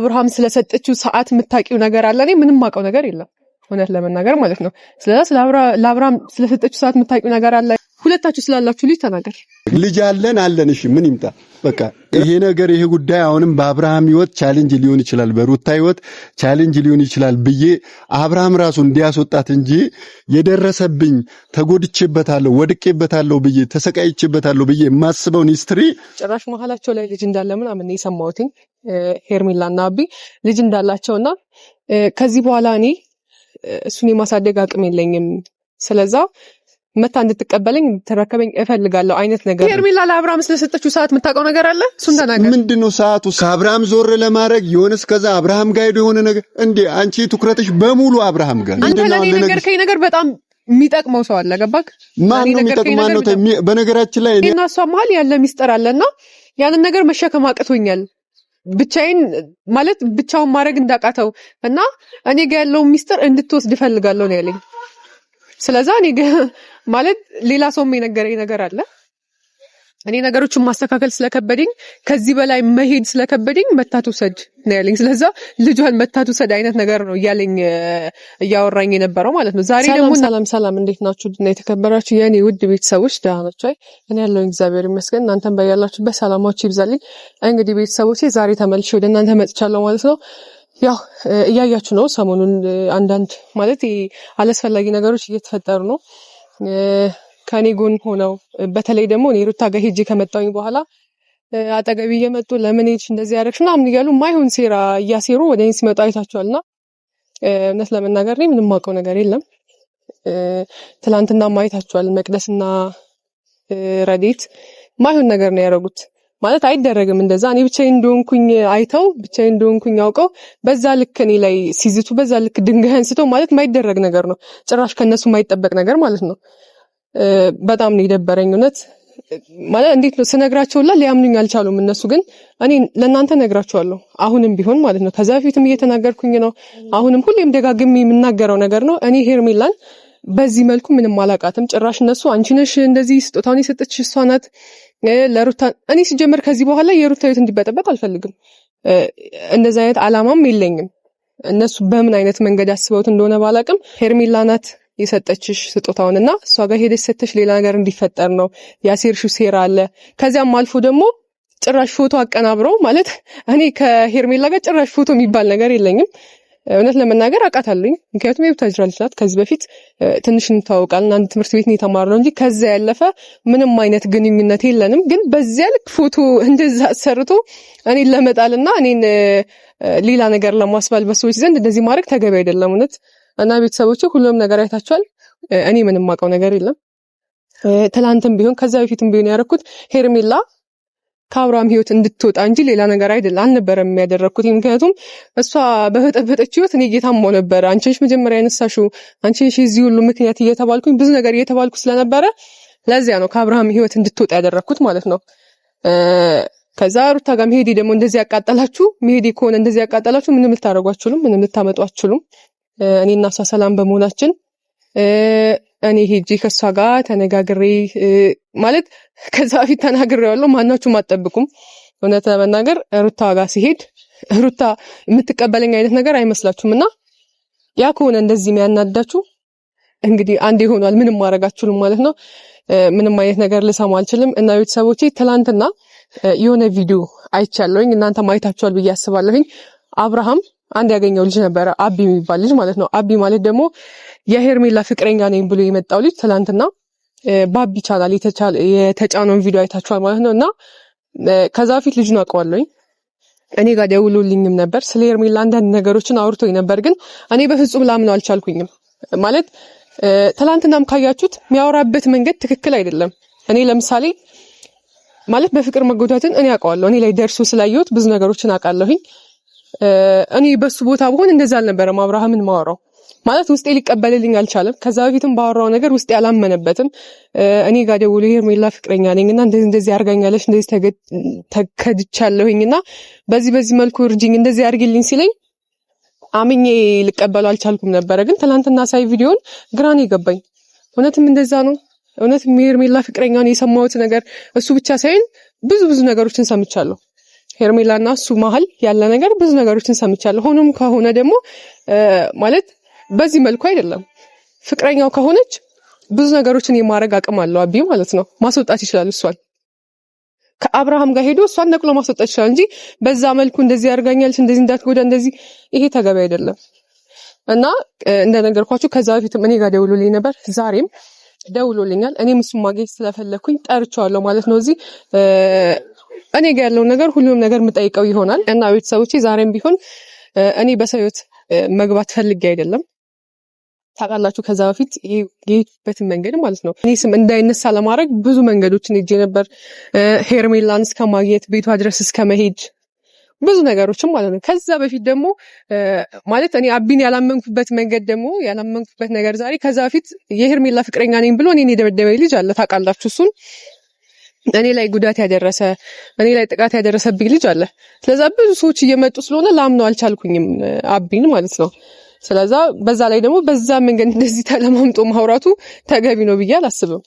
አብርሃም ስለሰጠችው ሰዓት የምታውቂው ነገር አለ? እኔ ምንም አውቀው ነገር የለም እውነት ለመናገር ማለት ነው። ስለዚ ለአብርሃም ስለሰጠችው ሰዓት የምታውቂው ነገር አለ? ሁለታችሁ ስላላችሁ ልጅ ተናገር። ልጅ አለን አለን። እሺ ምን ይምጣ በቃ ይሄ ነገር ይሄ ጉዳይ አሁንም በአብርሃም ህይወት ቻሌንጅ ሊሆን ይችላል፣ በሩታ ህይወት ቻሌንጅ ሊሆን ይችላል ብዬ አብርሃም ራሱ እንዲያስወጣት እንጂ የደረሰብኝ ተጎድቼበታለሁ፣ ወድቄበታለሁ ብዬ ተሰቃይቼበታለሁ ብዬ የማስበውን ሂስትሪ ጭራሽ መሀላቸው ላይ ልጅ እንዳለ ምናምን ሄርሚላ ሄርሜላና አቢ ልጅ እንዳላቸውና ከዚህ በኋላ እኔ እሱን የማሳደግ አቅም የለኝም ስለዛ መታ እንድትቀበለኝ ተረከበኝ እፈልጋለሁ አይነት ነገር። ሄርሜላ ለአብርሃም ስለሰጠችው ሰዓት የምታውቀው ነገር አለ? እሱን ተናገር። ምንድን ነው ሰዓቱ? ከአብርሃም ዞር ለማድረግ የሆነ እስከዛ አብርሃም ጋር ሄዶ የሆነ ነገር እንዴ! አንቺ ትኩረትሽ በሙሉ አብርሃም ጋር። አንተ ለእኔ ነገርከኝ ነገር በጣም የሚጠቅመው ሰው አለ። ገባክ? ማን ነው የሚጠቅም? ማን ነው? በነገራችን ላይ እኔና እሷ መሀል ያለ ሚስጥር አለና ያንን ነገር መሸከም አቅቶኛል። ብቻዬን ማለት ብቻውን ማድረግ እንዳቃተው እና እኔ ጋ ያለውን ሚስጥር እንድትወስድ እፈልጋለሁ ነው ያለኝ። ስለዛ እኔ ማለት ሌላ ሰውም የነገረኝ ነገር አለ። እኔ ነገሮችን ማስተካከል ስለከበደኝ ከዚህ በላይ መሄድ ስለከበደኝ መታት ውሰድ ነው ያለኝ። ስለዛ ልጇን መታት ውሰድ አይነት ነገር ነው እያለኝ እያወራኝ የነበረው ማለት ነው። ዛሬ ደግሞ ሰላም ሰላም፣ እንዴት ናችሁ? ድና የተከበራችሁ የእኔ ውድ ቤተሰቦች ደህና ናችሁ? አይ እኔ ያለሁኝ እግዚአብሔር ይመስገን፣ እናንተም በያላችሁ ሰላማችሁ ይብዛልኝ። እንግዲህ ቤተሰቦች ዛሬ ተመልሼ ወደ እናንተ መጥቻለሁ ማለት ነው። ያው እያያችሁ ነው፣ ሰሞኑን አንዳንድ ማለት አላስፈላጊ ነገሮች እየተፈጠሩ ነው ከኔ ጎን ሆነው በተለይ ደግሞ እኔ ሩታ ጋር ሄጄ ከመጣሁኝ በኋላ አጠገቢ እየመጡ ለምን ሄድሽ እንደዚህ ያደረግሽ ምናምን እያሉ ማይሆን ሴራ እያሴሩ ወደ እኔ ሲመጡ አይታችኋልና እውነት ለመናገር እኔ ምንም አውቀው ነገር የለም። ትላንትና ማየታችኋል። መቅደስና ረዴት ማይሆን ነገር ነው ያደረጉት። ማለት አይደረግም እንደዛ። እኔ ብቻዬን እንደሆንኩኝ አይተው ብቻዬን እንደሆንኩኝ አውቀው በዛ ልክ እኔ ላይ ሲዝቱ በዛ ልክ ድንጋይ አንስተው ማለት የማይደረግ ነገር ነው። ጭራሽ ከነሱ የማይጠበቅ ነገር ማለት ነው። በጣም ነው የደበረኝ እውነት። ማለት እንዴት ነው ስነግራቸውላ ሊያምኑኝ አልቻሉም። እነሱ ግን እኔ ለእናንተ ነግራቸዋለሁ አሁንም ቢሆን ማለት ነው። ከዛ በፊትም እየተናገርኩኝ ነው። አሁንም ሁሌም ደጋግሜ የምናገረው ነገር ነው። እኔ ሄርሜላን በዚህ መልኩ ምንም አላቃትም። ጭራሽ እነሱ አንቺ ነሽ እንደዚህ ስጦታውን የሰጠች እሷ ናት ለሩታ እኔ ሲጀምር ከዚህ በኋላ የሩታ ህይወት እንዲበጠበጥ አልፈልግም። እንደዚህ አይነት አላማም የለኝም። እነሱ በምን አይነት መንገድ አስበውት እንደሆነ ባላቅም ሄርሜላ ናት የሰጠችሽ ስጦታውን እና እሷ ጋር ሄደች ሰተሽ ሌላ ነገር እንዲፈጠር ነው ያሴርሽው ሴራ አለ። ከዚያም አልፎ ደግሞ ጭራሽ ፎቶ አቀናብረው ማለት እኔ ከሄርሜላ ጋር ጭራሽ ፎቶ የሚባል ነገር የለኝም። እውነት ለመናገር አውቃታለሁኝ። ምክንያቱም የቡታጅራ ልጅ ናት። ከዚህ በፊት ትንሽ እንታወቃለን። አንድ ትምህርት ቤት ነው የተማርነው እንጂ ከዛ ያለፈ ምንም አይነት ግንኙነት የለንም። ግን በዚያ ልክ ፎቶ እንደዛ አሰርቶ እኔን ለመጣልና እኔን ሌላ ነገር ለማስባል በሰዎች ዘንድ እንደዚህ ማድረግ ተገቢ አይደለም። እውነት እና ቤተሰቦች ሁሉም ነገር አይታችኋል። እኔ ምንም አውቀው ነገር የለም። ትላንትም ቢሆን ከዛ በፊትም ቢሆን ያደረኩት ሄርሜላ ከአብርሃም ህይወት እንድትወጣ እንጂ ሌላ ነገር አይደለ አልነበረም የሚያደረግኩት። ምክንያቱም እሷ በፈጠፈጠች ህይወት እኔ እየታማው ነበረ። አንቺ ነሽ መጀመሪያ ያነሳሽው፣ አንቺ ነሽ የዚህ ሁሉ ምክንያት እየተባልኩኝ ብዙ ነገር እየተባልኩ ስለነበረ ለዚያ ነው ከአብርሃም ህይወት እንድትወጣ ያደረግኩት ማለት ነው። ከዛ ሩታ ጋር መሄዴ ደግሞ እንደዚህ ያቃጠላችሁ መሄዴ ከሆነ እንደዚህ ያቃጠላችሁ ምንም ልታደርጉ ምንም ልታመጡ አችሉም። እኔና እሷ ሰላም በመሆናችን እኔ ሄጄ ከእሷ ጋር ተነጋግሬ ማለት ከዛ በፊት ተናግሬዋለሁ። ማናችሁም አጠብቁም። እውነት ለመናገር ሩታ ጋር ሲሄድ ሩታ የምትቀበለኝ አይነት ነገር አይመስላችሁም። እና ያ ከሆነ እንደዚህ የሚያናዳችሁ እንግዲህ አንድ ይሆኗል። ምንም ማድረጋችሁልም ማለት ነው። ምንም አይነት ነገር ልሰማ አልችልም። እና ቤተሰቦቼ ትላንትና የሆነ ቪዲዮ አይቻለሁኝ እናንተ ማየታችኋል ብዬ አስባለሁኝ አብርሃም አንድ ያገኘው ልጅ ነበረ፣ አቢ የሚባል ልጅ ማለት ነው። አቢ ማለት ደግሞ የሄርሜላ ፍቅረኛ ነኝ ብሎ የመጣው ልጅ ትላንትና በአቢ ቻናል የተጫነውን ቪዲዮ አይታችኋል ማለት ነው። እና ከዛ በፊት ልጁን አውቀዋለሁኝ። እኔ ጋር ደውሎልኝም ነበር። ስለ ሄርሜላ አንዳንድ ነገሮችን አውርቶኝ ነበር፣ ግን እኔ በፍጹም ላምነው አልቻልኩኝም። ማለት ትላንትናም ካያችሁት የሚያወራበት መንገድ ትክክል አይደለም። እኔ ለምሳሌ ማለት በፍቅር መጎዳትን እኔ አውቀዋለሁ። እኔ ላይ ደርሶ ስላየሁት ብዙ ነገሮችን አውቃለሁኝ። እኔ በሱ ቦታ በሆን እንደዛ አልነበረም አብርሃምን ማወራው ማለት ውስጤ ሊቀበልልኝ አልቻለም። ከዛ በፊትም ባወራው ነገር ውስጤ አላመነበትም። እኔ ጋር ደውሎ ሄርሜላ ፍቅረኛ ነኝና እንደዚህ እንደዚህ አድርጋኛለች፣ እንደዚህ ተከድቻለሁኝና በዚህ በዚህ መልኩ እርጅኝ፣ እንደዚህ አርግልኝ ሲለኝ አምኜ ልቀበሉ አልቻልኩም ነበረ። ግን ትናንትና ሳይ ቪዲዮን ግራን የገባኝ እውነትም እንደዛ ነው። እውነትም ሄርሜላ ነው የሰማሁት ነገር እሱ ብቻ ሳይሆን ብዙ ብዙ ነገሮችን ሰምቻለሁ። ሄርሜላና እሱ መሀል ያለ ነገር ብዙ ነገሮችን ሰምቻለሁ። ሆኖም ከሆነ ደግሞ ማለት በዚህ መልኩ አይደለም። ፍቅረኛው ከሆነች ብዙ ነገሮችን የማድረግ አቅም አለው አቢ ማለት ነው። ማስወጣት ይችላል። እሷን ከአብርሃም ጋር ሄዶ እሷን ነቅሎ ማስወጣት ይችላል እንጂ በዛ መልኩ እንደዚህ ያደርጋኛለች፣ እንደዚህ እንዳትጎዳ፣ እንደዚህ ይሄ ተገቢ አይደለም። እና እንደነገርኳችሁ ከዛ በፊትም እኔ ጋር ደውሎልኝ ነበር ዛሬም ደውሎልኛል። እኔም እሱን ማግኘት ስለፈለግኩኝ ጠርቸዋለሁ ማለት ነው እዚህ እኔ ጋ ያለውን ነገር ሁሉንም ነገር የምጠይቀው ይሆናል እና ቤተሰቦች ዛሬም ቢሆን እኔ በሰው ህይወት መግባት ፈልጌ አይደለም። ታውቃላችሁ ከዛ በፊት የሄድኩበትን መንገድ ማለት ነው። እኔ ስም እንዳይነሳ ለማድረግ ብዙ መንገዶችን ሄጄ ነበር። ሄርሜላን እስከ ማግኘት ቤቷ ድረስ እስከ መሄድ ብዙ ነገሮችም ማለት ነው። ከዛ በፊት ደግሞ ማለት እኔ አቢን ያላመንኩበት መንገድ ደግሞ ያላመንኩበት ነገር ዛሬ ከዛ በፊት የሄርሜላ ፍቅረኛ ነኝ ብሎ እኔን የደበደበኝ ልጅ አለ ታውቃላችሁ እሱን እኔ ላይ ጉዳት ያደረሰ እኔ ላይ ጥቃት ያደረሰብኝ ልጅ አለ። ስለዛ ብዙ ሰዎች እየመጡ ስለሆነ ላምነው አልቻልኩኝም፣ አቢን ማለት ነው። ስለዛ በዛ ላይ ደግሞ በዛ መንገድ እንደዚህ ተለማምጦ ማውራቱ ተገቢ ነው ብዬ አላስብም።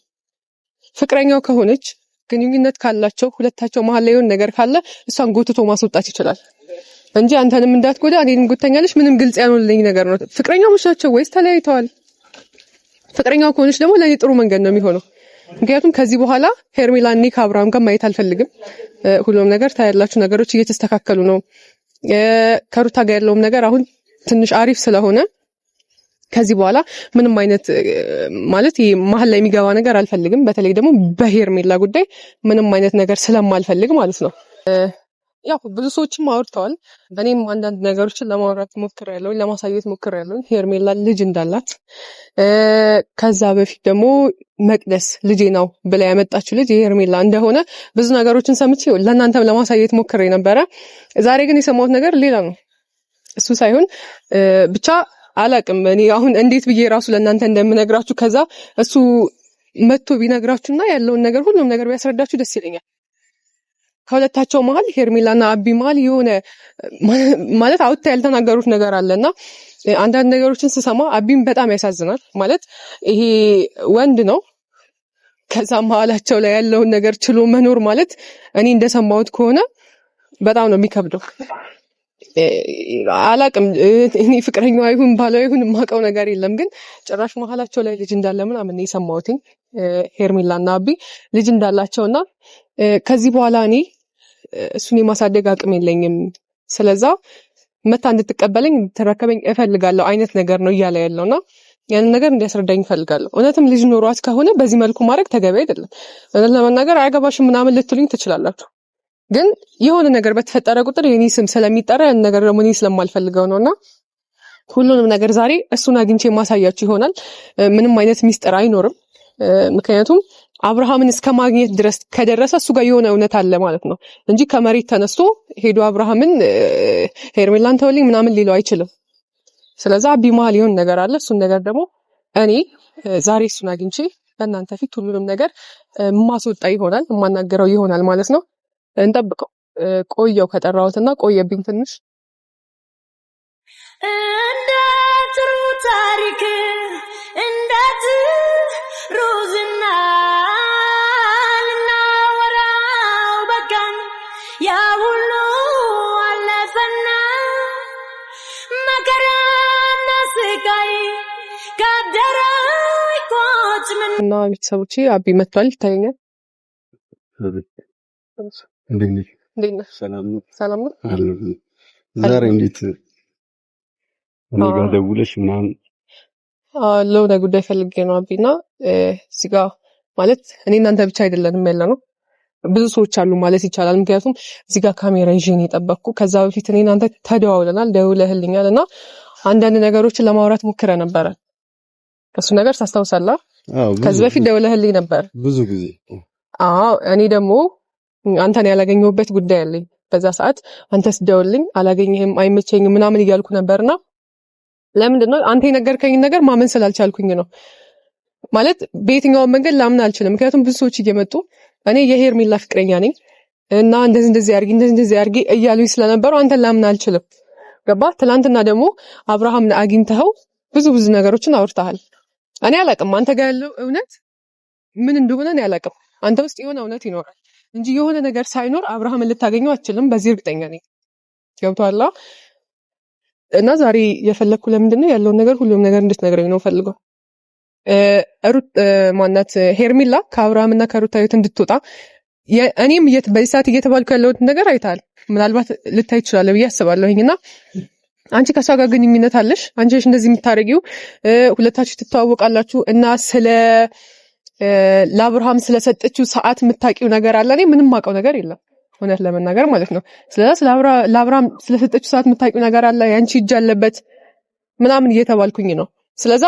ፍቅረኛው ከሆነች ግንኙነት ካላቸው ሁለታቸው መሀል ላይ የሆነ ነገር ካለ እሷን ጎትቶ ማስወጣት ይችላል እንጂ አንተንም እንዳትጎዳ እኔንም ጎተኛለች ምንም ግልጽ ያልሆነልኝ ነገር ነው። ፍቅረኛሞች ናቸው ወይስ ተለያይተዋል? ፍቅረኛው ከሆነች ደግሞ ለእኔ ጥሩ መንገድ ነው የሚሆነው ምክንያቱም ከዚህ በኋላ ሄርሜላ እኔ ከአብርሃም ጋር ማየት አልፈልግም። ሁሉም ነገር ታያላችሁ፣ ነገሮች እየተስተካከሉ ነው። ከሩታ ጋር ያለውም ነገር አሁን ትንሽ አሪፍ ስለሆነ ከዚህ በኋላ ምንም አይነት ማለት ይሄ መሀል ላይ የሚገባ ነገር አልፈልግም። በተለይ ደግሞ በሄርሜላ ጉዳይ ምንም አይነት ነገር ስለማልፈልግ ማለት ነው። ያው ብዙ ሰዎችም አውርተዋል። በኔም አንዳንድ ነገሮችን ለማውራት ያለውን ለማሳየት ያለውን ሄርሜላ ልጅ እንዳላት ከዛ በፊት ደግሞ መቅደስ ልጄ ነው ብላ ያመጣችው ልጅ የሄርሜላ እንደሆነ ብዙ ነገሮችን ሰምቼ ለእናንተም ለማሳየት ሞክሬ ነበረ። ዛሬ ግን የሰማሁት ነገር ሌላ ነው። እሱ ሳይሆን ብቻ አላቅም እኔ አሁን እንዴት ብዬ ራሱ ለእናንተ እንደምነግራችሁ ከዛ እሱ መጥቶ ቢነግራችሁና ያለውን ነገር ሁሉም ነገር ቢያስረዳችሁ ደስ ይለኛል። ከሁለታቸው መሀል ሄርሜላና አቢ መሀል የሆነ ማለት አውታ ያልተናገሩት ነገር አለና አንዳንድ ነገሮችን ስሰማ አቢም በጣም ያሳዝናል። ማለት ይሄ ወንድ ነው። ከዛ መሀላቸው ላይ ያለውን ነገር ችሎ መኖር ማለት እኔ እንደሰማሁት ከሆነ በጣም ነው የሚከብደው። አላቅም እኔ ፍቅረኛዋ ይሁን ባሏ ይሁን የማውቀው ነገር የለም፣ ግን ጭራሽ መሀላቸው ላይ ልጅ እንዳለ ምናምን የሰማሁትኝ ሄርሜላና አቢ ልጅ እንዳላቸውና ከዚህ በኋላ እኔ እሱን የማሳደግ አቅም የለኝም፣ ስለዛ መታ እንድትቀበለኝ እንድትረከበኝ እፈልጋለሁ አይነት ነገር ነው እያለ ያለው እና ያንን ነገር እንዲያስረዳኝ እፈልጋለሁ። እውነትም ልጅ ኖሯት ከሆነ በዚህ መልኩ ማድረግ ተገቢ አይደለም። እውነት ለመናገር አያገባሽም ምናምን ልትሉኝ ትችላላችሁ። ግን የሆነ ነገር በተፈጠረ ቁጥር የኔ ስም ስለሚጠራ ያን ነገር ደግሞ እኔ ስለማልፈልገው ነው እና ሁሉንም ነገር ዛሬ እሱን አግኝቼ ማሳያችሁ ይሆናል። ምንም አይነት ሚስጥር አይኖርም። ምክንያቱም አብርሃምን እስከ ማግኘት ድረስ ከደረሰ እሱ ጋር የሆነ እውነት አለ ማለት ነው እንጂ ከመሬት ተነስቶ ሄዶ አብርሃምን ሄርሜላን ተወልኝ ምናምን ሊለው አይችልም። ስለዛ አቢ መሀል የሆን ነገር አለ። እሱን ነገር ደግሞ እኔ ዛሬ እሱን አግኝቼ በእናንተ ፊት ሁሉንም ነገር የማስወጣ ይሆናል የማናገረው ይሆናል ማለት ነው። እንጠብቀው። ቆየው ከጠራሁትና ቆየብኝ ትንሽ እንደ ጥሩ ታሪክ እንደ ጥሩ ዝና እና ቤተሰቦች አቢ መጥቷል ይታየኛል። እንዴት ሰላም ነው? ዛሬ እንዴት እኔ ጋር ደውለሽ ምናምን ለሆነ ጉዳይ ፈልጌ ነው አቢና እዚህ ማለት እኔ እናንተ ብቻ አይደለንም ያለ ነው ብዙ ሰዎች አሉ ማለት ይቻላል። ምክንያቱም እዚህ ጋር ካሜራ ይዤ ነው የጠበቅኩ። ከዛ በፊት እኔ እናንተ ተደዋውለናል፣ ደውለህልኛል እና አንዳንድ ነገሮችን ለማውራት ሞክረ ነበረ። እሱ ነገር ታስታውሳለህ? ከዚህ በፊት ደውለህልኝ ነበር ብዙ ጊዜ። አዎ እኔ ደግሞ አንተን ያላገኘሁበት ጉዳይ አለኝ። በዛ ሰዓት አንተ ስደውልኝ አላገኘህም፣ አይመቸኝም ምናምን እያልኩ ነበርና ለምንድን ነው አንተ የነገርከኝ ነገር ማመን ስላልቻልኩኝ ነው። ማለት በየትኛውን መንገድ ላምን አልችልም። ምክንያቱም ብዙ ሰዎች እየመጡ እኔ የሄርሜላ ፍቅረኛ ነኝ እና እንደዚህ እንደዚህ አድርጊ እንደዚህ እንደዚህ አድርጊ እያሉኝ ስለነበሩ አንተን ላምን አልችልም። ገባ። ትናንትና ደግሞ አብርሃም አግኝተኸው ብዙ ብዙ ነገሮችን አውርተሃል። እኔ አላቅም። አንተ ጋር ያለው እውነት ምን እንደሆነ እኔ አላቅም። አንተ ውስጥ የሆነ እውነት ይኖራል እንጂ የሆነ ነገር ሳይኖር አብርሃምን ልታገኘው አችልም። በዚህ እርግጠኛ ነኝ። ገብቷላ እና ዛሬ የፈለግኩ ለምንድን ነው ያለውን ነገር ሁሉም ነገር እንድትነግረኝ ነው ፈልገው ማናት ሄርሚላ ከአብርሃምና ከሩታ ህይወት እንድትወጣ እኔም በዚህ ሰዓት እየተባልኩ ያለውን ነገር አይታል። ምናልባት ልታይ ይችላለ ብዬ አስባለሁኝ እና አንቺ ከሷ ጋር ግንኙነት አለሽ፣ አንቺ ነሽ እንደዚህ የምታደርጊው፣ ሁለታችሁ ትተዋወቃላችሁ እና ስለ ለአብርሃም ስለሰጠችው ሰዓት የምታውቂው ነገር አለ? እኔ ምንም አውቀው ነገር የለም እውነት ለመናገር ማለት ነው። ስለዛ ለአብርሃም ስለሰጠችው ሰዓት የምታውቂው ነገር አለ? ያንቺ እጅ አለበት ምናምን እየተባልኩኝ ነው። ስለዛ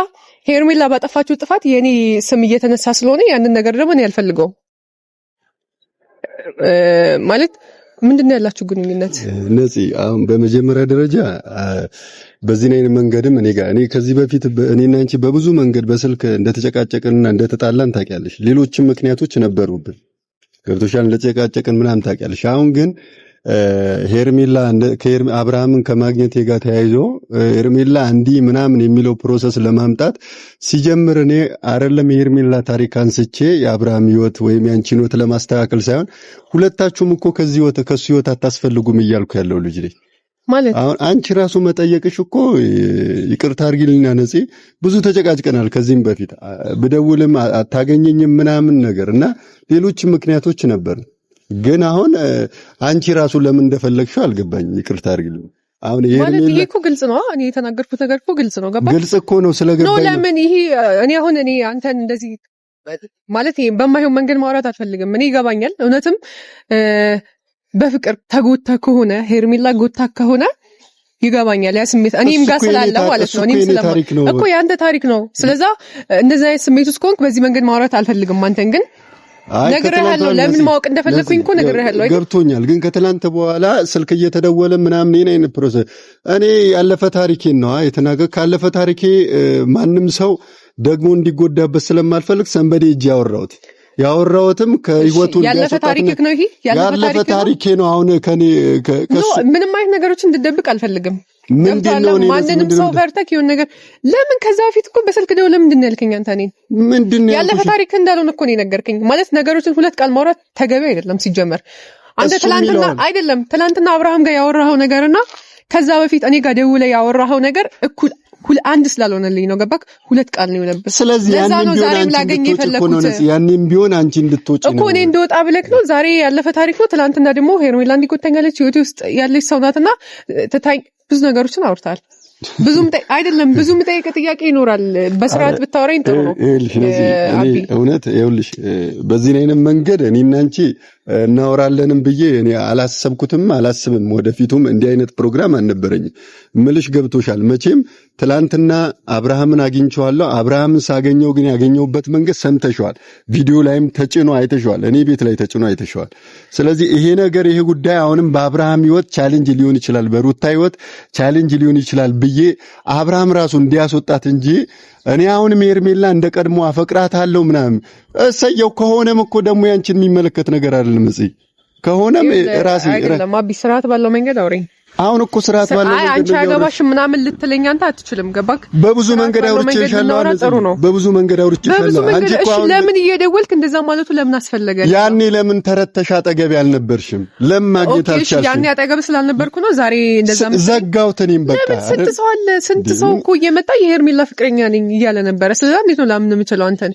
ሄርሜላ ባጠፋችሁ ጥፋት የእኔ ስም እየተነሳ ስለሆነ ያንን ነገር ደግሞ እኔ አልፈልገውም ማለት ምንድን ነው ያላችሁ ግንኙነት? ነፂ አሁን በመጀመሪያ ደረጃ በዚህ አይነት መንገድም እኔ ጋር እኔ ከዚህ በፊት እኔና አንቺ በብዙ መንገድ በስልክ እንደተጨቃጨቅንና እንደተጣላን ታውቂያለሽ። ሌሎችም ምክንያቶች ነበሩብን። ገብቶሻል። እንደተጨቃጨቅን ምናምን ታውቂያለሽ። አሁን ግን ሄርሜላ አብርሃምን ከማግኘት ጋር ተያይዞ ሄርሜላ እንዲህ ምናምን የሚለው ፕሮሰስ ለማምጣት ሲጀምር እኔ አይደለም የሄርሜላ ታሪክ አንስቼ የአብርሃም ህይወት ወይም ያንቺን ህይወት ለማስተካከል ሳይሆን ሁለታችሁም እኮ ከዚህ ሕይወት ከሱ ህይወት አታስፈልጉም እያልኩ ያለው ልጅ ነኝ። ማለት አሁን አንቺ ራሱ መጠየቅሽ እኮ ይቅርታ አድርጊልና ነጽ ብዙ ተጨቃጭቀናል። ከዚህም በፊት ብደውልም አታገኘኝም ምናምን ነገር እና ሌሎች ምክንያቶች ነበር። ግን አሁን አንቺ ራሱ ለምን እንደፈለግሽው አልገባኝ። ይቅርታ አድርግልኝ። አሁን ይሄ እኮ ግልጽ ነው። እኔ የተናገርኩት ነገር እኮ ግልጽ ነው። ገባ? ግልጽ እኮ ነው ስለገባኝ። ነው። ለምን ይሄ እኔ አሁን እኔ አንተን እንደዚህ ማለት ይሄ በማይሆን መንገድ ማውራት አልፈልግም። እኔ ይገባኛል። እውነትም በፍቅር ተጎታ ከሆነ ሄርሚላ ጎታ ከሆነ ይገባኛል ያ ስሜት እኔም ጋር ስላለው ማለት ነው። እኔም ስለ እኮ የአንተ ታሪክ ነው። ስለዛ እንደዚህ አይነት ስሜት ውስጥ ከሆንክ በዚህ መንገድ ማውራት አልፈልግም አንተን ግን ነግሬሃለሁ። ለምን ማወቅ እንደፈለግኩኝ እኮ ነግሬሃለሁ። ገብቶኛል። ግን ከትላንት በኋላ ስልክ እየተደወለ ምናምን ይህን አይነት ፕሮሰስ እኔ ያለፈ ታሪኬን ነዋ የተናገር ካለፈ ታሪኬ ማንም ሰው ደግሞ እንዲጎዳበት ስለማልፈልግ ሰንበዴ እጅ ያወራሁት ያወራሁትም ከህይወቱ ያለፈ ታሪኬ ነው። አሁን ከኔ ምንም አይነት ነገሮች እንድደብቅ አልፈልግም። ማንንም ሰው ፈርተክ የሆን ነገር ለምን ከዛ በፊት እኮ በስልክ ደው ለምንድን ነው ያልከኝ? አንተ እኔን ምንድን ነው ያለፈ ታሪክ እንዳልሆነ እኮ ነው ነገርከኝ። ማለት ነገሮችን ሁለት ቃል ማውራት ተገቢ አይደለም ሲጀመር። አንተ ትላንትና አይደለም ትላንትና አብርሃም ጋር ያወራኸው ነገርና ከዛ በፊት እኔ ጋር ደውለህ ያወራኸው ነገር እኩል አንድ ስላልሆነልኝ ነው። ገባክ? ሁለት ቃል ነው የሆነብህ። ስለዚህ ለዛ ነው ዛሬም ላገኝ የፈለኩት። ያኔም ቢሆን አንቺ እንድትወጪ እኮ እኔ እንደወጣ ብለክ ነው። ዛሬ ያለፈ ታሪክ ነው። ትላንትና ደግሞ ሄሮላንድ ይጎተኛለች ህይወቴ ውስጥ ያለች ሰው ናትና ትታኝ ብዙ ነገሮችን አውርታል። ብዙም አይደለም ብዙ ጠይቀ ጥያቄ ይኖራል። በስርዓት ብታወራኝ ጥሩ ነው። እውነት ይኸውልሽ፣ በዚህ አይነት መንገድ እኔና አንቺ እናወራለንም ብዬ እኔ አላሰብኩትም አላስብም። ወደፊቱም እንዲህ አይነት ፕሮግራም አልነበረኝ። ምልሽ ገብቶሻል። መቼም ትላንትና አብርሃምን አግኝቸዋለሁ። አብርሃምን ሳገኘው ግን ያገኘውበት መንገድ ሰምተሸዋል። ቪዲዮ ላይም ተጭኖ አይተሸዋል። እኔ ቤት ላይ ተጭኖ አይተሸዋል። ስለዚህ ይሄ ነገር ይሄ ጉዳይ አሁንም በአብርሃም ህይወት ቻሌንጅ ሊሆን ይችላል፣ በሩታ ህይወት ቻሌንጅ ሊሆን ይችላል ብዬ አብርሃም ራሱ እንዲያስወጣት እንጂ እኔ አሁንም ሄርሜላ እንደ ቀድሞ አፈቅራታለሁ ምናምን እሰየው። ከሆነም እኮ ደግሞ ያንቺን የሚመለከት ነገር አይደለም። እዚህ ከሆነም ራሴ ለማቢ ስርዓት ባለው መንገድ አውሪኝ አሁን እኮ ስርዓት ባለው ነው። አንቺ አገባሽ ምናምን ልትለኝ አንተ አትችልም። ገባክ? በብዙ መንገድ አውርቼሻለሁ። ጥሩ ነው። በብዙ መንገድ አውርቼሻለሁ። አንቺ እኮ አሁን ለምን እየደወልክ እንደዛ ማለቱ ለምን አስፈለገ? ያኔ ለምን ተረተሽ አጠገብ ያልነበርሽም ለምን ማግኘት አልቻልሽም? ያኔ አጠገብ ስላልነበርኩ ነው ዛሬ እንደዛ ዘጋሁት። እኔም በቃ ስንት ሰው አለ ስንት ሰው እኮ እየመጣ የሄርሜላ ፍቅረኛ ነኝ እያለ ነበረ። ስለዚህ እንዴት ነው ላምን የምችለው አንተን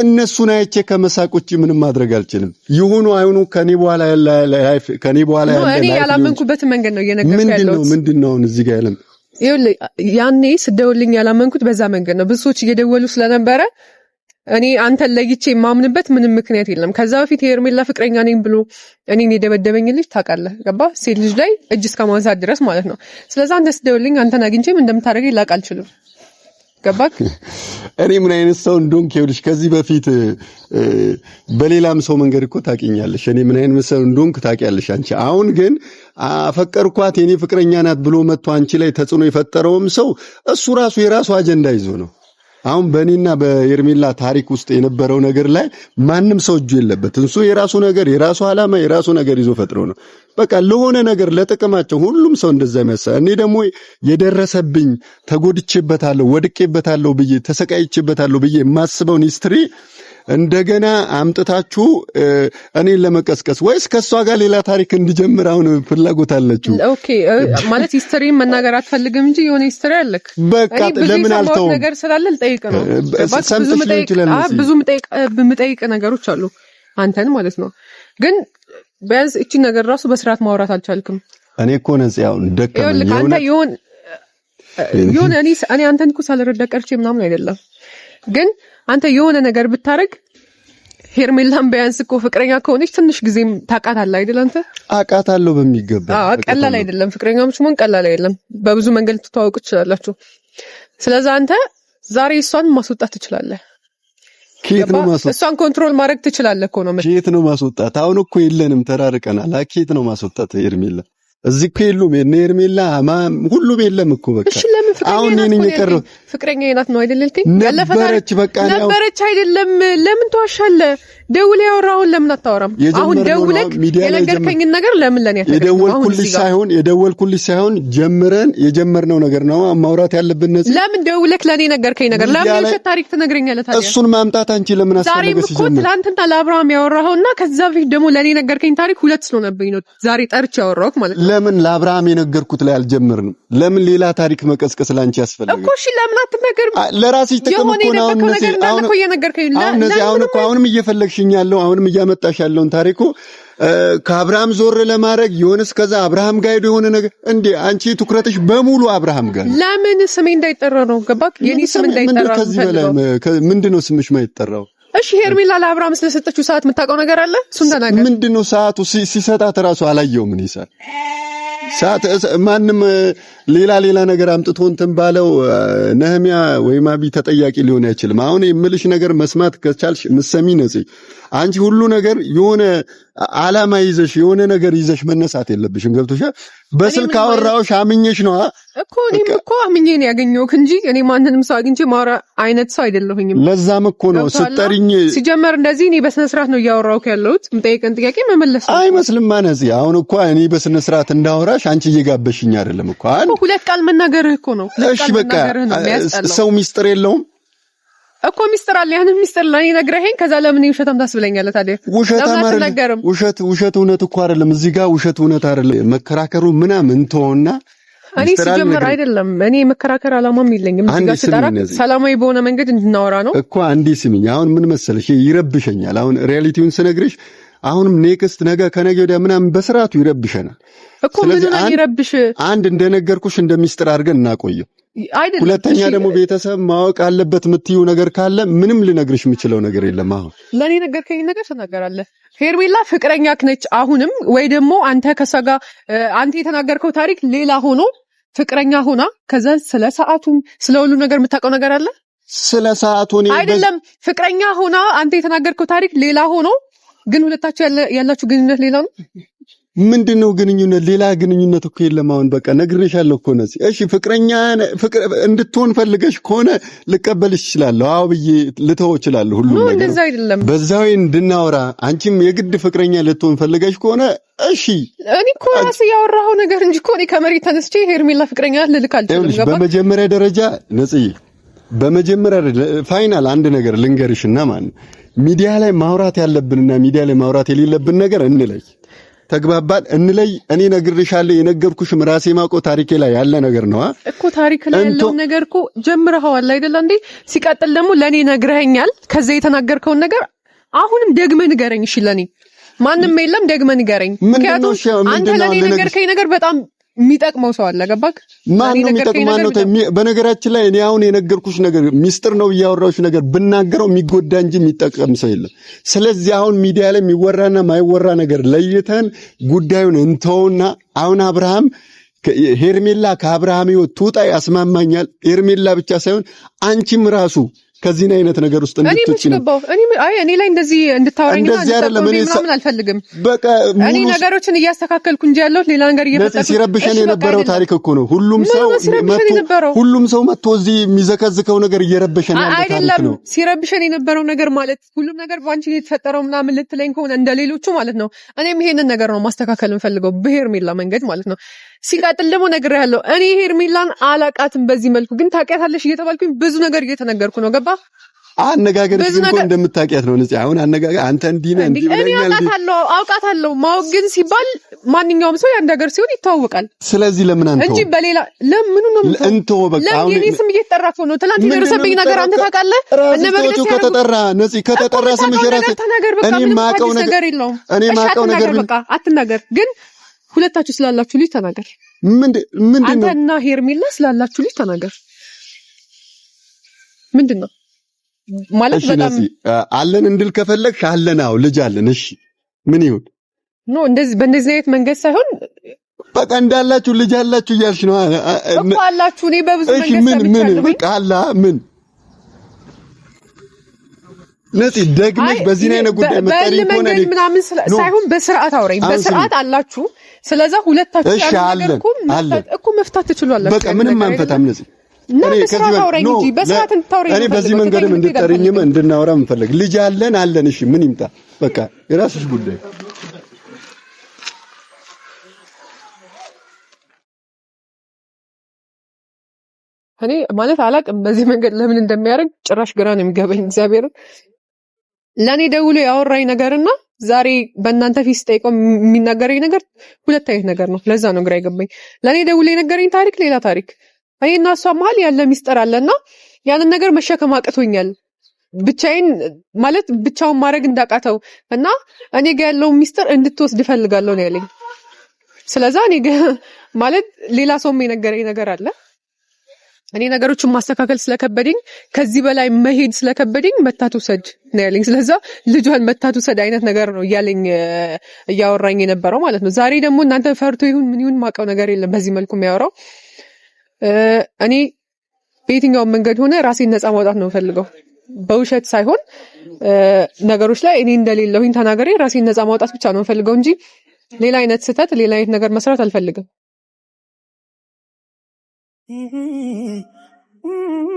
እነሱን አይቼ ከመሳቅ ውጭ ምንም ማድረግ አልችልም። ይሁኑ አይሁኑ ከኔ በኋላ ያለ ከኔ በኋላ ያለ ላይፍ እኔ ያላመንኩበትን መንገድ ነው እየነገርኩህ ያለሁት። ምንድን ነው አሁን እዚህ ጋር ያለም ያኔ ስደውልኝ ያላመንኩት በዛ መንገድ ነው። ብዙ እየደወሉ ስለነበረ እኔ አንተን ለይቼ የማምንበት ምንም ምክንያት የለም። ከዛ በፊት የሄርሜላ ፍቅረኛ ነኝ ብሎ እኔን የደበደበኝ ልጅ ታውቃለህ፣ ገባ ሴት ልጅ ላይ እጅ እስከ ማንሳት ድረስ ማለት ነው። ስለዚ አንተ ስደውልኝ አንተን አግኝቼም እንደምታደርገኝ ላቅ አልችልም። ገባክ? እኔ ምን አይነት ሰው እንደሆንኩ ይኸውልሽ፣ ከዚህ በፊት በሌላም ሰው መንገድ እኮ ታውቂኛለሽ። እኔ ምን አይነት ሰው እንደሆንኩ ታውቂያለሽ አንቺ። አሁን ግን አፈቀርኳት የኔ ፍቅረኛ ናት ብሎ መጥቶ አንቺ ላይ ተጽዕኖ የፈጠረውም ሰው እሱ ራሱ የራሱ አጀንዳ ይዞ ነው። አሁን በእኔና በኤርሜላ ታሪክ ውስጥ የነበረው ነገር ላይ ማንም ሰው እጁ የለበት። እንሱ የራሱ ነገር የራሱ ዓላማ የራሱ ነገር ይዞ ፈጥሮ ነው። በቃ ለሆነ ነገር ለጥቅማቸው ሁሉም ሰው እንደዛ የሚያሳ እኔ ደግሞ የደረሰብኝ ተጎድቼበታለሁ፣ ወድቄበታለሁ ብዬ ተሰቃይቼበታለሁ ብዬ የማስበውን ሂስትሪ እንደገና አምጥታችሁ እኔን ለመቀስቀስ ወይስ ከእሷ ጋር ሌላ ታሪክ እንድጀምር አሁን ፍላጎት አለችው? ኦኬ ማለት ሂስትሪ መናገር አትፈልግም እንጂ የሆነ ሂስትሪ አለክ። በቃ ለምን አልተውም ነገር ስላለ ልጠይቅ ነው። ብዙ ምጠይቅ ነገሮች አሉ አንተን ማለት ነው። ግን ቢያንስ እቺ ነገር ራሱ በስርዓት ማውራት አልቻልክም። እኔ እኮ ነጽ የሆነ እኔ አንተን እኮ ሳልረዳ ቀርቼ ምናምን አይደለም ግን አንተ የሆነ ነገር ብታረግ ሄርሜላን ቢያንስ እኮ ፍቅረኛ ከሆነች ትንሽ ጊዜም ታውቃታለህ አይደል? አንተ አውቃታለሁ በሚገባ። ቀላል አይደለም፣ ፍቅረኛም ሲሆን ቀላል አይደለም። በብዙ መንገድ ልትተዋወቁ ትችላላችሁ። ስለዛ አንተ ዛሬ እሷን ማስወጣት ትችላለህ። ኬት ነው ማስወጣት? እሷን ኮንትሮል ማድረግ ትችላለህ እኮ ነው። ኬት ነው ማስወጣት? አሁን እኮ የለንም፣ ተራርቀናል። ኬት ነው ማስወጣት ሄርሜላ እዚህ እኮ የሉም። ኔርሜላ ሄርሜላ ሁሉም የለም እኮ በቃ አሁን እኔን እየቀረው ፍቅረኛ ናት ነው አይደል? ልቴ ነበረች በቃ ነበረች አይደለም። ለምን ተዋሻለህ? ደውለህ ያወራውን ለምን አታወራም? አሁን ደውለህ የነገርከኝን ነገር ለምን ለኔ አታውቅም? የደወልኩልሽ ሳይሆን የደወልኩልሽ ሳይሆን ጀምረን የጀመርነው ነገር ነው ማውራት ያለብን። ነጽ ለምን ደውለህ ለእኔ ነገርከኝ ነገር ለምን እሺ፣ ታሪክ ትነግረኛለህ ታዲያ? እሱን ማምጣት አንቺ ለምን አስፈልገሽ? ዛሬ እኮ ትናንትና ለአብርሃም እና ከዛ በፊት ደግሞ ለእኔ ነገርከኝ ታሪክ ሁለት ስለሆነብኝ ነው ዛሬ ጠርቼ ያወራሁት ማለት ነው። ለምን ለአብርሃም የነገርኩት ላይ አልጀመርንም? ለምን ሌላ ታሪክ መቀስቀስ ላንቺ ያስፈልጋል እኮ? እሺ ለምን አትነገርም? ለራስሽ ጥቅም እኮ ነው። አሁን ነገር አሁን እኮ አሁንም እየፈለግሽኝ ያለው አሁንም እያመጣሽ ያለውን ታሪኩ ከአብርሃም ዞር ለማድረግ የሆነስ ከዛ አብርሃም ጋር ሄዶ የሆነ ነገር እንዴ! አንቺ ትኩረትሽ በሙሉ አብርሃም ጋር። ለምን ስሜ እንዳይጠራ ነው? ገባክ? የኔ ስም እንዳይጠራ ነው። ከዚህ በላይ ምንድን ነው ስምሽ ማይጠራው? እሺ ሄርሜላ ለአብርሃም ስለሰጠችው ሰዓት የምታውቀው ነገር አለ? እሱን ተናገር። ምንድን ነው ሰዓቱ? ሲሰጣት እራሱ አላየውም እኔ ሰዓት ማንም ሌላ ሌላ ነገር አምጥቶ እንትን ባለው ነህሚያ ወይም አቢ ተጠያቂ ሊሆን አይችልም። አሁን የምልሽ ነገር መስማት ከቻልሽ ምሰሚ ነጽ አንቺ ሁሉ ነገር የሆነ አላማ ይዘሽ የሆነ ነገር ይዘሽ መነሳት የለብሽም። ገብቶሻል። በስልክ አወራሁሽ አምኜሽ ነዋ እኮ እኔም እኮ አምኜ ነው ያገኘሁህ እንጂ እኔ ማንንም ሰው አግኝቼ ማውራ አይነት ሰው አይደለሁኝም። ለዛም እኮ ነው ስጠርኝ። ሲጀመር እንደዚህ እኔ በስነ ነው እያወራውክ ያለሁት። የምጠይቀን ጥያቄ መመለስ አይመስልም ማነዚ። አሁን እኮ እኔ በስነ እንዳወራሽ አንቺ እየጋበሽኝ አይደለም እኮ ሁለት ቃል መናገርህ እኮ ነው። እሺ በቃ ሰው ሚስጥር የለውም እኮ ሚስጥር አለ። ያንን ሚስጥር ለእኔ ነግረኸኝ ከዛ ለምን ውሸታም ታስብለኛለህ ታዲያ? ውሸታም አይደለም። ውሸት ውሸት እውነት እኮ አይደለም። እዚህ ጋር ውሸት እውነት አይደለም። መከራከሩ ምናምን እንተውና እኔ ሲጀምር አይደለም እኔ መከራከር አላማም የለኝም። እዚህ ስጠራ ሰላማዊ በሆነ መንገድ እንድናወራ ነው እኮ። አንዴ ስሚኝ። አሁን ምን መሰለሽ ይረብሸኛል። አሁን ሪያሊቲውን ስነግርሽ አሁንም ኔክስት ነገ ከነገ ወዲያ ምናምን በስርዓቱ ይረብሸናል እኮ። ምንና ይረብሽ አንድ እንደነገርኩሽ እንደሚስጥር አድርገን እናቆየው። ሁለተኛ ደግሞ ቤተሰብ ማወቅ አለበት የምትይው ነገር ካለ ምንም ልነግርሽ የምችለው ነገር የለም። አሁን ለእኔ ነገርከኝ ነገር ትናገራለህ። ሄርሜላ ፍቅረኛ ክነች አሁንም ወይ ደግሞ አንተ ከእሷ ጋር አንተ የተናገርከው ታሪክ ሌላ ሆኖ ፍቅረኛ ሆና ከዛ ስለ ሰዓቱም ስለ ሁሉ ነገር የምታውቀው ነገር አለ። ስለ ሰዓቱ አይደለም ፍቅረኛ ሆና አንተ የተናገርከው ታሪክ ሌላ ሆኖ ግን ሁለታችሁ ያላችሁ ግንኙነት ሌላ ነው። ምንድን ነው ግንኙነት? ሌላ ግንኙነት እኮ የለም። አሁን በቃ ነግሬሻለሁ እኮ ነፂ። እሺ ፍቅረኛ እንድትሆን ፈልገሽ ከሆነ ልቀበልሽ እችላለሁ። አዎ ብዬ ልተው እችላለሁ። ሁሉ ነገር ወይ እንድናወራ። አንቺም የግድ ፍቅረኛ ልትሆን ፈልገሽ ከሆነ እሺ። እኔ እኮ ራስ ያወራኸው ነገር እንጂ እኮ እኔ ከመሬት ተነስቼ ሄርሜላ ፍቅረኛ ልልክ አልችልም። በመጀመሪያ ደረጃ ነፂ፣ በመጀመሪያ ፋይናል አንድ ነገር ልንገርሽና ማን ሚዲያ ላይ ማውራት ያለብንና ሚዲያ ላይ ማውራት የሌለብን ነገር እንለይ ተግባባን። እንለይ። እኔ ነግርሻለሁ፣ የነገርኩሽም ራሴ ማቆ ታሪኬ ላይ ያለ ነገር ነው እኮ ታሪክ ላይ ያለውን ነገር እኮ ጀምረኸዋል አይደለ እንዴ? ሲቀጥል ደግሞ ለእኔ ነግረኸኛል። ከዛ የተናገርከውን ነገር አሁንም ደግመ ንገረኝ። እሺ ለእኔ ማንም የለም ደግመ ንገረኝ። ምክንያቱም አንተ ለእኔ ነገርከኝ ነገር በጣም የሚጠቅመው ሰው አለ። ገባክ? ማን የሚጠቅም? ነው? በነገራችን ላይ እኔ አሁን የነገርኩሽ ነገር ሚስጥር ነው እያወራሁሽ ነገር ብናገረው የሚጎዳ እንጂ የሚጠቀም ሰው የለም። ስለዚህ አሁን ሚዲያ ላይ የሚወራና ማይወራ ነገር ለይተን ጉዳዩን እንተውና አሁን አብርሃም ሄርሜላ ከአብርሃም ሕይወት ትውጣ ያስማማኛል። ሄርሜላ ብቻ ሳይሆን አንቺም ራሱ ከዚህን አይነት ነገር ውስጥ እንድትጭ እኔ ላይ እንደዚህ እንድታወራኝ ምናምን አልፈልግም። እኔ ነገሮችን እያስተካከልኩ እንጂ ያለሁት ሌላ ነገር እየፈጠ ሲረብሸን የነበረው ታሪክ እኮ ነው። ሁሉም ሰው ሁሉም ሰው መጥቶ እዚህ የሚዘከዝከው ነገር እየረበሸን ያለ ታሪክ ነው። ሲረብሸን የነበረው ነገር ማለት ሁሉም ነገር በአንቺ የተፈጠረው ምናምን ልትለኝ ከሆነ እንደሌሎቹ ማለት ነው። እኔም ይሄንን ነገር ነው ማስተካከል እንፈልገው ብሄር ሜላ መንገድ ማለት ነው ሲቀጥል ደግሞ ነገር ያለው እኔ ሄርሜላን አላቃትም። በዚህ መልኩ ግን ታውቂያታለሽ እየተባልኩኝ ብዙ ነገር እየተነገርኩ ነው። ገባ አነጋገር ግን እኮ እንደምታውቂያት ነው። ንጽ አሁን አነጋገር አንተ እንዲህ ነህ እንዲህ ብለህ አውቃታለሁ አውቃታለሁ። ማወቅ ግን ሲባል ማንኛውም ሰው የአንድ ሀገር ሲሆን ይታወቃል። ስለዚህ ለምን አንተ እንጂ በሌላ ለምኑ ነው እንተው በቃ አሁን የኔ ስም እየተጠራፈ ነው። ትናንት የደረሰብኝ ነገር አንተ ታውቃለህ። እነ በግለሰብ ከተጠራ ንጽ ከተጠራ ስም እየራስህ ተናገር። ማቀው ነገር የለውም። እኔ ማቀው ነገር በቃ አትናገር ግን ሁለታችሁ ስላላችሁ ልጅ ተናገር። ምንድን አንተ እና ሄርሜላ ስላላችሁ ልጅ ተናገር። ምንድን ነው ማለት? በጣም አለን እንድል ከፈለግሽ አለን። አዎ ልጅ አለን። እሺ ምን ይሁን? ኖ እንደዚህ በእንደዚህ አይነት መንገድ ሳይሆን በቃ እንዳላችሁ ልጅ አላችሁ እያልሽ ነው እኮ አላችሁ። እኔ በብዙ መንገድ ሰምቻለሁ። ምን ምን በቃ አላ ምን ነፂ ደግመሽ በዚህ አይነት ጉዳይ መጣሪ ከሆነ ምናምን ሳይሆን በስርዓት አውረኝ። በስርዓት አላችሁ። ስለዛ ሁለታችሁ እኮ መፍታት ትችላላችሁ። በቃ ምንም አንፈታም ነፂ። እኔ በዚህ መንገድም እንድጠሪኝም እንድናወራ ምፈልግ ልጅ አለን አለን። እሺ ምን ይምጣ በቃ የራስሽ ጉዳይ እኔ ማለት አላቅም በዚህ መንገድ ለምን እንደሚያደርግ ጭራሽ ግራ ነው የሚገባኝ እግዚአብሔርን ለእኔ ደውሎ ያወራኝ ነገርና ዛሬ በእናንተ ፊት ስጠይቀው የሚናገረኝ ነገር ሁለት አይነት ነገር ነው። ለዛ ነው ግራ አይገባኝ። ለእኔ ደውሎ የነገረኝ ታሪክ ሌላ ታሪክ፣ እኔ እና እሷ መሀል ያለ ሚስጥር እና ያንን ነገር መሸከም አቅቶኛል። ብቻዬን ማለት ብቻውን ማድረግ እንዳቃተው እና እኔ ጋ ያለውን ሚስጥር እንድትወስድ እፈልጋለሁ ነው ያለኝ። ስለዛ እኔ ማለት ሌላ ሰውም የነገረኝ ነገር አለ እኔ ነገሮችን ማስተካከል ስለከበደኝ ከዚህ በላይ መሄድ ስለከበደኝ መታት ውሰድ ነው ያለኝ። ስለዛ ልጇን መታት ውሰድ አይነት ነገር ነው እያለኝ እያወራኝ የነበረው ማለት ነው። ዛሬ ደግሞ እናንተ ፈርቶ ይሁን ምን ይሁን ማውቀው ነገር የለም። በዚህ መልኩ የሚያወራው እኔ በየትኛውም መንገድ ሆነ ራሴን ነፃ ማውጣት ነው ፈልገው በውሸት ሳይሆን ነገሮች ላይ እኔ እንደሌለሁኝ ተናገሬ ራሴን ነፃ ማውጣት ብቻ ነው ፈልገው እንጂ ሌላ አይነት ስህተት፣ ሌላ አይነት ነገር መስራት አልፈልግም። Mm-hmm. Mm-hmm.